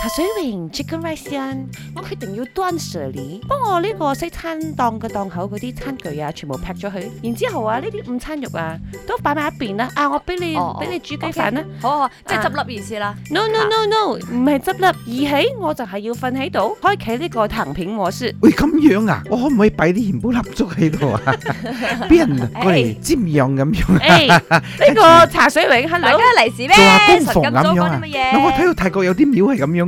茶水榮，Chicken Rice，我決定要 Done Shirley，幫我呢個西餐檔嘅檔口嗰啲餐具啊，全部劈咗佢。然之後啊，呢啲午餐肉啊都擺埋一邊啦。啊，我俾你俾你煮雞飯啦。哦，即係執笠意思啦。No no no no，唔係執笠，而起，我就係要瞓喺度，開啟呢個藤片模式。喂咁樣啊？我可唔可以擺啲元寶蠟燭喺度啊？俾人過嚟瞻仰咁樣。呢個茶水榮，大家嚟時咩？做下功房咁樣啊？我睇到泰國有啲廟係咁樣。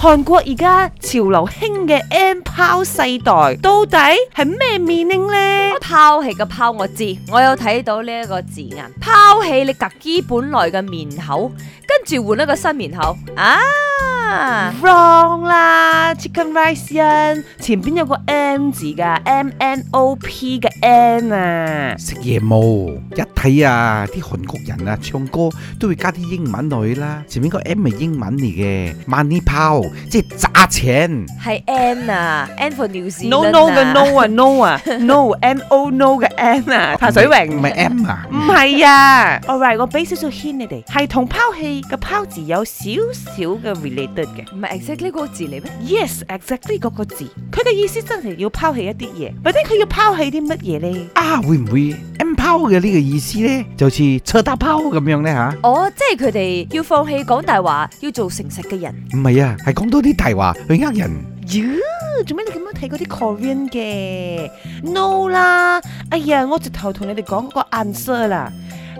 韓國而家潮流興嘅 N 拋世代，到底係咩 meaning 呢？拋棄嘅拋我知，我有睇到呢一個字眼，拋棄你特基本來嘅面口，跟住換一個新面口，啊 wrong 啦，Chicken Rice 因前邊有個 N 字噶，M N O P 嘅 N 啊，食嘢冇一。係啊，啲韓國人啊，唱歌都會加啲英文落去啦。前面個 M 咪英文嚟嘅，money 拋即係揸錢。係 N 啊，N for news。No no 個 no 啊 no 啊 no，no no no 個 no 啊。拍水餅咪 M 啊？唔係呀。All right，我俾少少 hint 你哋，係同拋棄嘅拋字有少少嘅 related 嘅，唔係 exactly 個字嚟咩？Yes，exactly 嗰個字。佢哋意思真係要拋棄一啲嘢，或者佢要拋棄啲乜嘢咧？啊，會唔會？拋嘅呢個意思咧，就似扯大拋咁樣咧吓。哦，即係佢哋要放棄講大話，要做誠實嘅人。唔係啊，係講多啲大話去呃人。喲，做咩你咁樣睇嗰啲 Korean 嘅？No 啦，哎呀，我直頭同你哋講嗰個 answer 啦。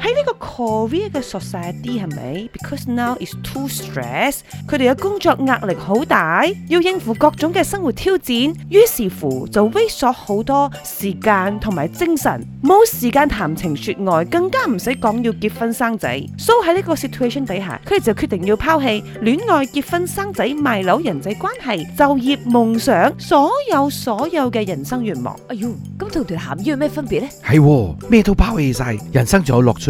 喺呢個 Korea 嘅 society 係咪？Because now is too stress，佢哋嘅工作壓力好大，要應付各種嘅生活挑戰，於是乎就萎縮好多時間同埋精神，冇時間談情說愛，更加唔使講要結婚生仔。So 喺呢個 situation 底下，佢哋就決定要拋棄戀愛、結婚、生仔、賣樓、人際關係、就業、夢想，所有所有嘅人生願望。哎喲，咁同條鹹魚有咩分別呢？係咩、哦、都拋棄晒，人生仲有樂趣。